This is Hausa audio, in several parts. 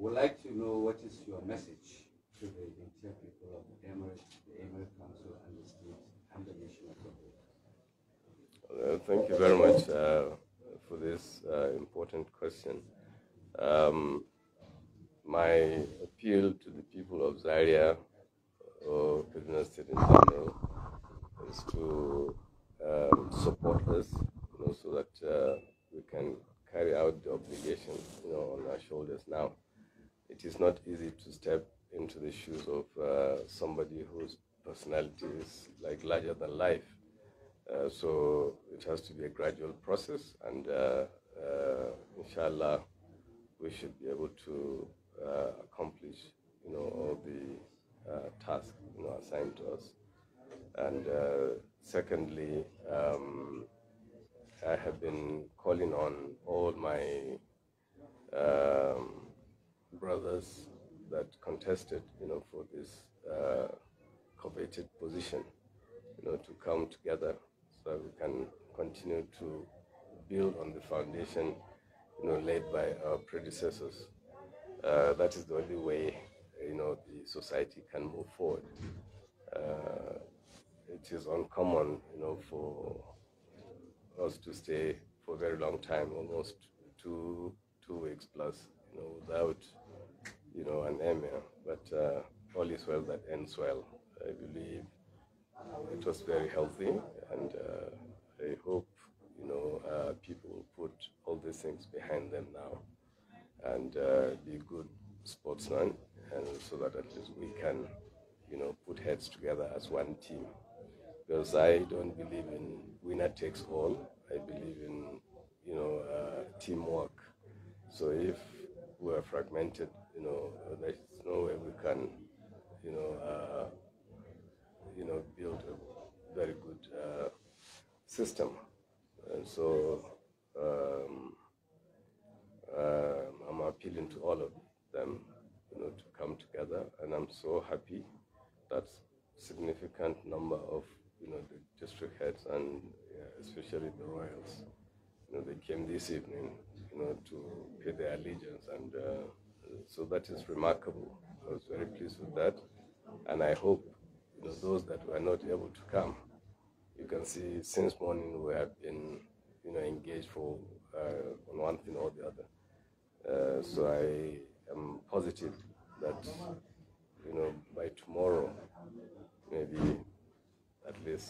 would like to know what is your message to the entire people of the Emirates, the Emirates Council, and the state, and the nation of Uh, thank you very much uh, for this uh, important question. Um, my appeal to the people of Zaria or Kaduna State in general is to um, support us, you know, so that uh, we can carry out the obligation, you know, on our shoulders now it is not easy to step into the shoes of uh, somebody whose personality is like larger than life. Uh, so it has to be a gradual process, and uh, uh inshallah, we should be able to uh, accomplish, you know, all the uh, tasks you know assigned to us. And secondly, um, I have been calling on all my um, brothers that contested, you know, for this uh, coveted position, you know, to come together so we can continue to build on the foundation, you know, laid by our predecessors. Uh, that is the only way, you know, the society can move forward. Uh, it is uncommon, you know, for us to stay for a very long time, almost two two weeks plus, you know, without you know, an emir. But uh, all is well that ends well. I believe it was very healthy, and uh, I hope you know uh, people will put all these things behind them now and uh, be good sportsmen, and so that at least we can you know put heads together as one team. Because I don't believe in winner takes all. I believe in you know uh, teamwork. So if we are fragmented, you know, there is no way we can, you know, uh, you know, build a very good uh, system. And so um, uh, I'm appealing to all of them, you know, to come together. And I'm so happy that significant number of, you know, the district heads and especially the royals, you know, they came this evening, you know, to pay their allegiance and. Uh, so that is remarkable. I was very pleased with that, and I hope you know, those that were not able to come, you can see since morning we have been you know engaged for uh, on one thing or the other. Uh, so I am positive that you know by tomorrow, maybe at least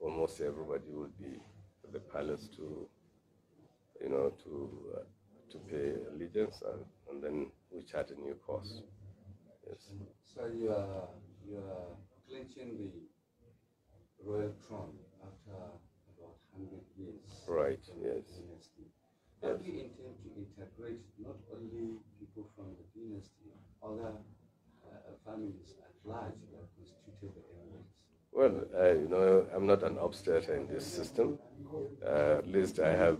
almost everybody will be at the palace to you know to uh, to pay allegiance and and then we chart a new course. Yes. So you are you are clinching the royal throne after about hundred years. Right. Yes. Dynasty. How yes. do you intend to integrate not only people from the dynasty, other uh, families at large that constitute the emirates? Well, uh, you know, I'm not an obstacle in this system. Uh, at least I have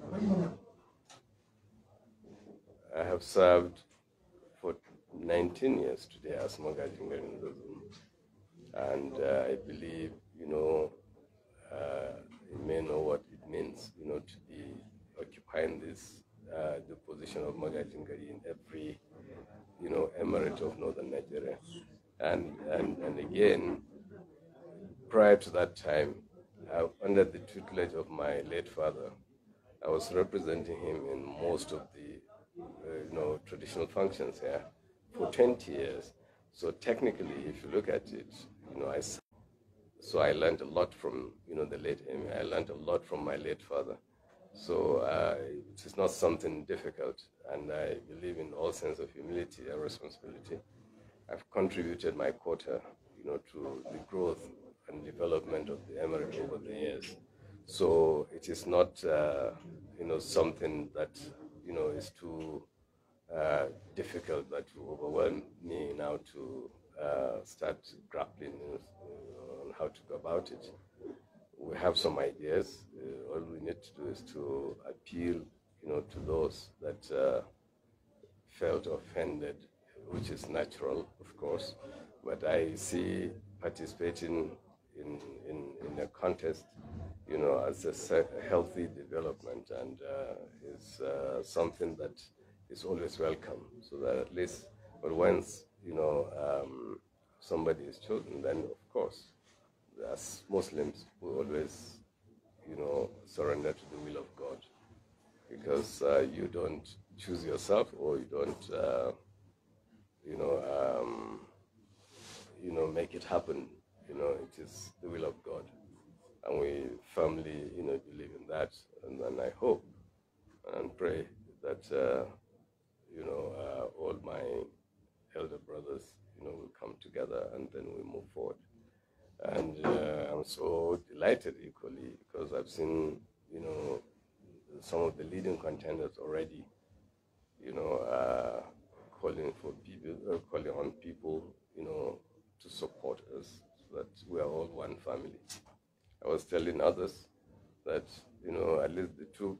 I have served for 19 years today as Magajinga And uh, I believe, you know, uh, you may know what it means, you know, to be occupying this, uh, the position of Magajingari in every, you know, emirate of northern Nigeria. And, and, and again, prior to that time, uh, under the tutelage of my late father, I was representing him in most of the you know, traditional functions here for 20 years. So technically, if you look at it, you know, I, so I learned a lot from, you know, the late I learned a lot from my late father. So uh, it's not something difficult. And I believe in all sense of humility and responsibility. I've contributed my quota, you know, to the growth and development of the emirate over the years. So it is not, uh, you know, something that, you know, is too uh, difficult but overwhelm me now to uh, start grappling uh, on how to go about it. We have some ideas. Uh, all we need to do is to appeal, you know, to those that felt offended, which is natural, of course. But I see participating in, in, in a contest, you know, as a healthy development and uh, is uh, something that is always welcome. So that at least But once, you know, um, somebody is chosen, then of course, as Muslims, we always, you know, surrender to the will of God because uh, you don't choose yourself or you don't, uh, you know, um, you know, make it happen. You know, it is the will of God, and we firmly, you know, believe in that, and, and I hope and pray that uh, you know, uh, all my elder brothers, you know, will come together and then we move forward. And uh, I'm so delighted equally because I've seen, you know, some of the leading contenders already, you know, uh, calling for people, uh, calling on people, you know, to support us so that we are all one family. I was telling others that, you know, at least the two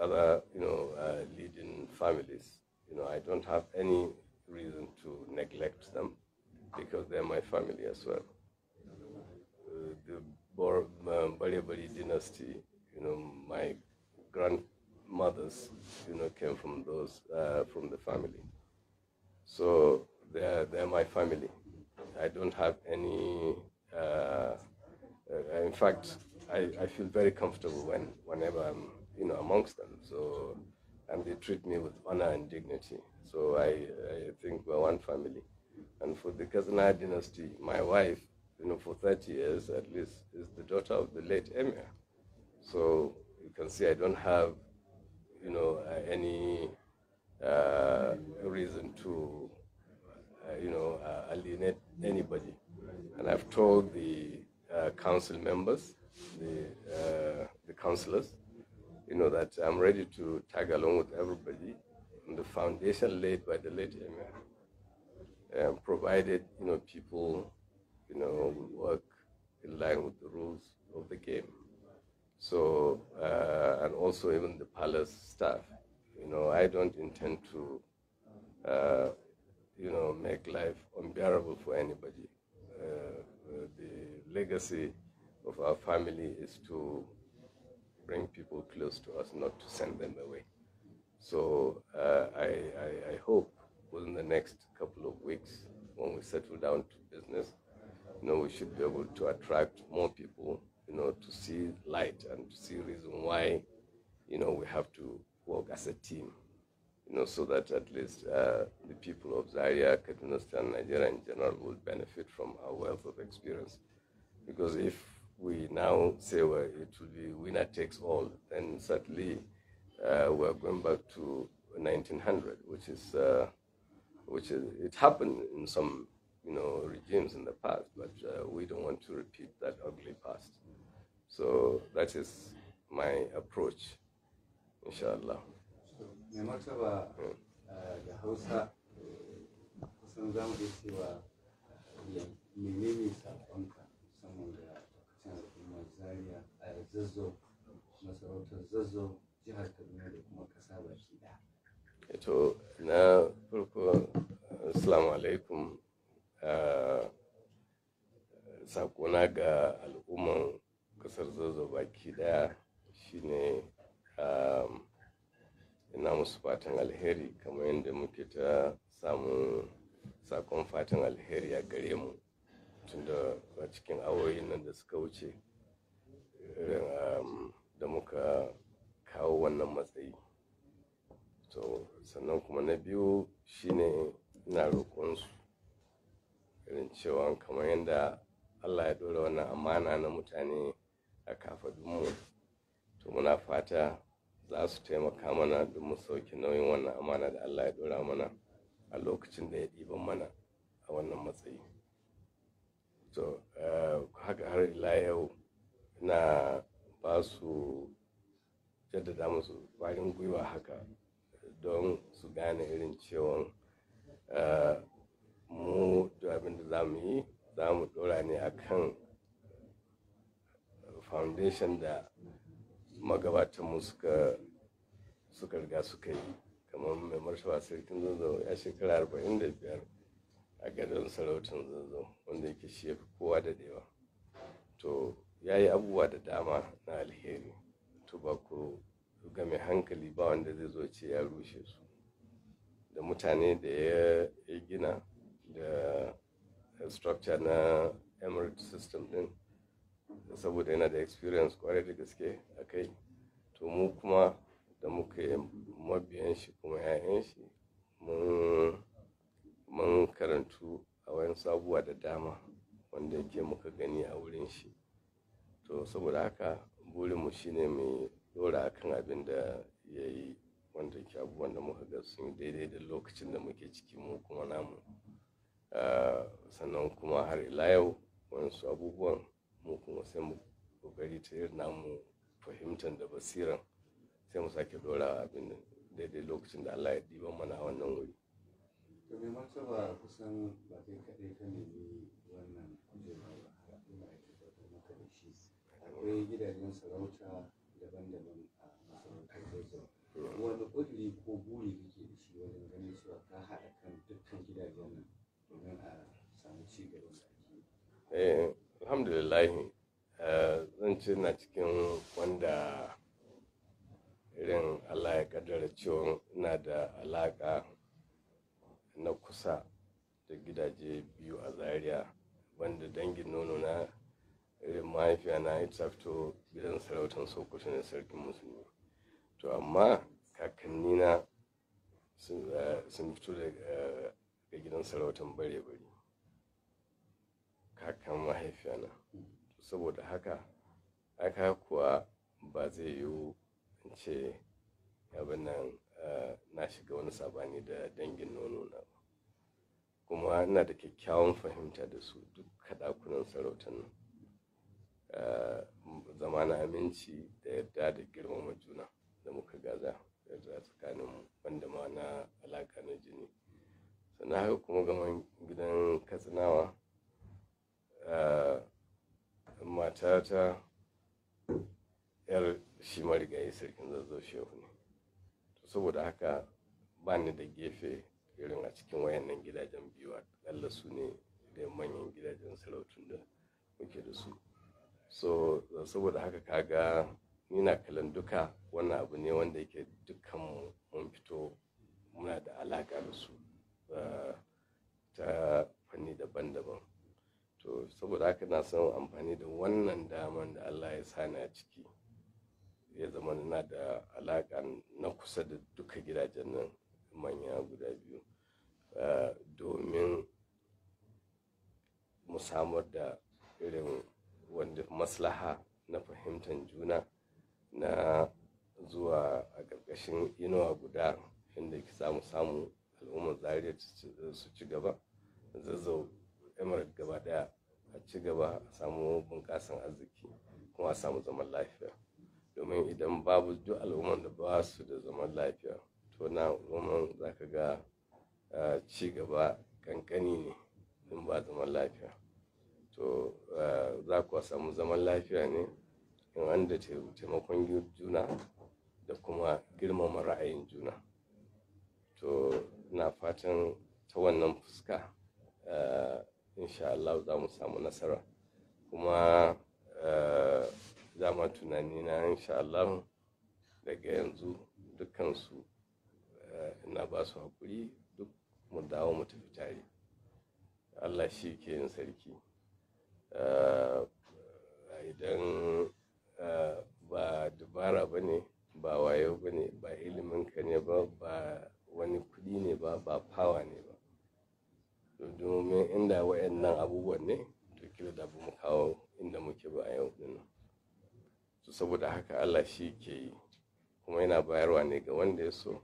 other, you know, uh, leading families you know, I don't have any reason to neglect them because they're my family as well. Uh, the Bor- um, dynasty, you know, my grandmothers, you know, came from those, uh, from the family. So they're, they're my family. I don't have any, uh, uh in fact, I, I feel very comfortable when, whenever I'm, you know, amongst them. So and they treat me with honor and dignity. So I, I think we're one family. And for the Kazana dynasty, my wife, you know, for 30 years at least, is the daughter of the late emir. So you can see I don't have, you know, uh, any uh, reason to, uh, you know, uh, alienate anybody. And I've told the uh, council members, the, uh, the councillors, you know, that I'm ready to tag along with everybody the foundation laid by the late Emir um, provided, you know, people, you know, work in line with the rules of the game. So, uh, and also even the palace staff, you know, I don't intend to, uh, you know, make life unbearable for anybody. Uh, the legacy of our family is to bring people close to us, not to send them away. So uh, I, I, I, hope within the next couple of weeks, when we settle down to business, you know, we should be able to attract more people, you know, to see light and to see reason why, you know, we have to work as a team, you know, so that at least uh, the people of Zaria, Kaduna State, and Nigeria in general will benefit from our wealth of experience. Because if we now say well, it will be winner takes all, then certainly uh, we're going back to 1900, which is, uh, which is, it happened in some, you know, regimes in the past, but uh, we don't want to repeat that ugly past. So that is my approach, inshallah. So, to na farko assalamu alaikum ah, sakona ga al'umman ƙasar zazzau baki ɗaya shine ah, ina musu fatan alheri kamar yadda muke ta samu sakon fatan alheri a gare mu tunda a cikin awoyin nan da suka wuce Um, da muka kawo wannan matsayi to sannan kuma na biyu shine ina roƙonsu irin cewa kamar yadda allah ya ɗora wannan amana na mutane a kafadunmu to muna fata za su taimaka mana don mu sauki nauyin wannan amana da allah ya ɗora mana a lokacin da ya ɗiban mana a wannan matsayi to uh, haka har ila yau na ba su jaddada musu kwarin gwiwa haka don su gane irin cewa eh, mu abin da za mu yi za mu dora ne a kan foundation da magabatanmu suka suka riga suka yi kamar mai martaba sarkin zazzau ya shekara arba'in da biyar a gadon sarautar zazzau wanda yake shi kowa da dewa to ya yi abubuwa da dama na alheri to tobacco ga mai hankali ba wanda zai zo ce ya rushe su da mutane da ya gina da structure na emirate system din saboda yana da experience kwarai da gaske a kai to mu kuma da muka yi mabiyan shi kuma 'ya'yan shi mun karantu a wayan sabuwa da dama wanda ke muka gani a wurin shi so saboda haka burinmu shine mai dora kan abin da ya yi wanda ke abubuwan da muka ga sun daidai da lokacin da muke ciki mu kuma namu ah, sannan kuma har ila yau wasu abubuwan mu kuma sai mu kokari ta yi namu fahimtar da basiran sai mu sake dora abin daidai lokacin da Allah ya diba mana wannan wuri. To mai martaba kusan ba kaɗai ka nemi wannan akwai gidajen sarauta daban-daban a masarautar zazzau wani ƙudiri ko buri kake da shi wajen ganin cewa ka haɗa kan dukkan gidajen nan domin a samu ci gaban da ake eh, alhamdulillah eh, zan ce na cikin wanda irin allah ya kaddara cewa ina da alaƙa na kusa da gidaje biyu a zaria wanda dangin nono na mahaifiya na ya fito gidan sarautar sokoto na sarkin musulmi to amma kakanni na eh, sun fito daga gidan sarautar bare-bare kakan mahaifiya na saboda haka aka kuwa ba zai yiwu in ce abin nan eh, na shiga wani sabani da dangin nono na kuma ina da kyakkyawan fahimta da su duk kaɗakunan sarautar nan Eh, zama na aminci da yadda da girmama juna da muka gaza yadda tsakanin wanda ma na alaka na jini sannan haka kuma gaman gidan katsinawa eh, matata yar shi marigayi sarkin zazzau shehu ne saboda haka ba ni da gefe irin a cikin wayannan gidajen biyu a su ne da manyan gidajen sarautun da muke da su so saboda haka kaga nina kalan duka wannan abu ne wanda yake dukkan mun fito muna da alaka da su eh, ta fanni daban-daban to saboda haka na san amfani da wannan daman da allah ya sani a ciki ya zama na da alaka na kusa da duka gidajen nan manya guda biyu eh, domin mu samar da irin wanda maslaha na fahimtar juna na zuwa a ƙarƙashin inuwa guda inda ki samu samu al'ummar zariya su ci gaba zazzau emirat gaba daya a ci gaba a samu bunƙasan arziki kuma a samu zaman lafiya domin idan babu duk al'ummar da ba su da zaman lafiya to na al'ummar za ka ga ah, ci gaba ƙanƙani ne in ba zaman lafiya to eh, za ku samu zaman lafiya ne in an da taimakon juna da kuma girmama ra'ayin juna to na fatan ta wannan fuska eh, insha Allah za mu samu nasara kuma dama eh, tunani na insha Allah daga yanzu su, ina ba su haƙuri duk mu dawo mu tafi tare Allah shi ke yin sarki Eh, idan eh, ba dabara ba ne ba wayo ba ne ba iliminka ne ba ba wani kuɗi ne ba ba fawa ne ba domin inda wayannan abubuwan ne to kira da mu kawo inda muke ba a yau din to saboda haka Allah shi ke yi kuma yana bayarwa ne ga wanda ya so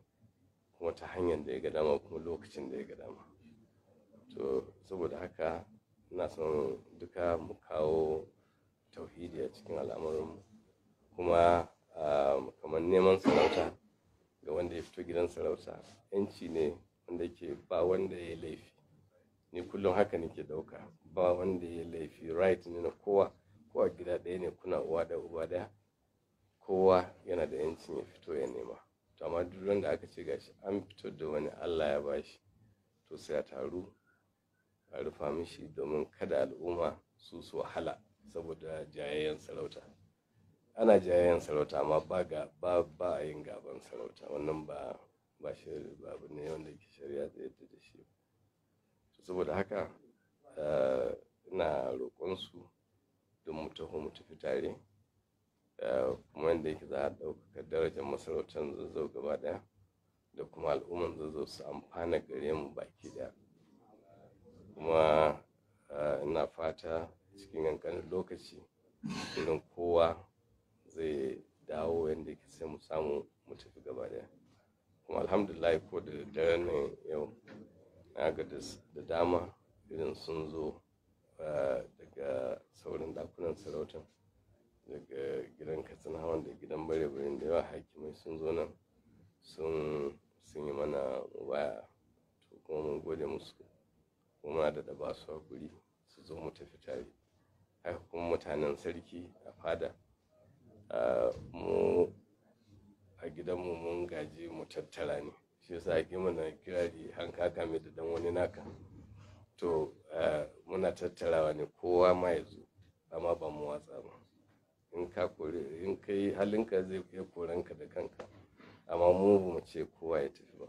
kuma ta hanyar da ya ga dama kuma lokacin da ya ga dama to saboda haka ina son duka mu kawo tauhidi a cikin mu kuma kamar neman sarauta ga wanda ya fito gidan sarauta yanci ne wanda ke ba wanda ya laifi ni kullum haka nake dauka ba wanda ya laifi right ne na kowa kowa gida ɗaya ne kuna uwa da uba daya kowa yana da yancin ya fito ya nema to amma duk wanda aka ce gashi an fito da wani allah ya bashi to sai a taru a rufa mishi domin kada al'umma su su wahala saboda jayayyen sarauta ana jayayyen sarauta amma ba ga ba ba yin gaban sarauta wannan ba ba shari'a ba abu ne wanda ke shari'a ta yadda da shi saboda haka eh, ina roƙon su don mu taho mu tafi tare eh, kuma yadda yake za a ɗaukaka darajar masarautar zazzau gaba ɗaya da kuma al'umman zazzau su amfana gare mu baki ɗaya kuma eh, ina fata cikin kankanin lokaci irin kowa zai dawo yadda ke sai mu samu mu tafi gaba daya kuma alhamdulillah ko da dare ne yau na ga da dama irin sun zo eh, daga saurin dakunan sarauta, daga gidan katsina hawan da gidan bare bare da yawa hakimai sun zo nan sun yi mana waya to kuma mun gode musu kuma da da ba su zo mu tafi tare haka kuma mutanen sarki a fada mu a gidanmu mun gaji mu tattara ne shi yasa ake mana kirari an kaka mai da dan wani naka to muna tattarawa ne kowa ma ya zo amma ba mu watsa ba in ka kore in kai halinka zai iya koranka da kanka amma mu ba mu ce kowa ya tafi ba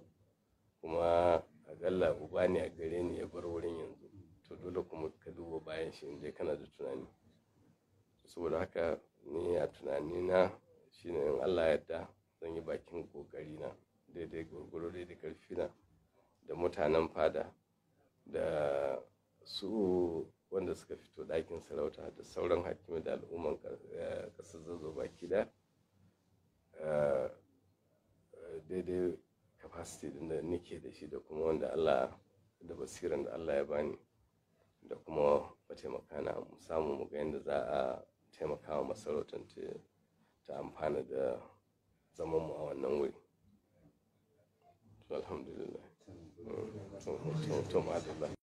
kuma akalla uba ne a gare ni ya bar wurin yanzu to dole kuma ka duba bayan shi inda kana da tunani saboda haka ni a tunani na shine in Allah ya yarda zan yi bakin kokari na daidai gurguru daidai karfi na da mutanen fada da su wanda suka fito ɗakin sarauta da sauran hakimi da al'umman eh, ƙasar zazzau baki da eh, daidai capacity din da nake da shi da kuma wanda Allah da basiran da Allah ya bani da kuma mataimaka na mu samu mu ga yadda za a taimaka wa masarautar ta amfana da zaman mu a wannan wuri alhamdulillah mm.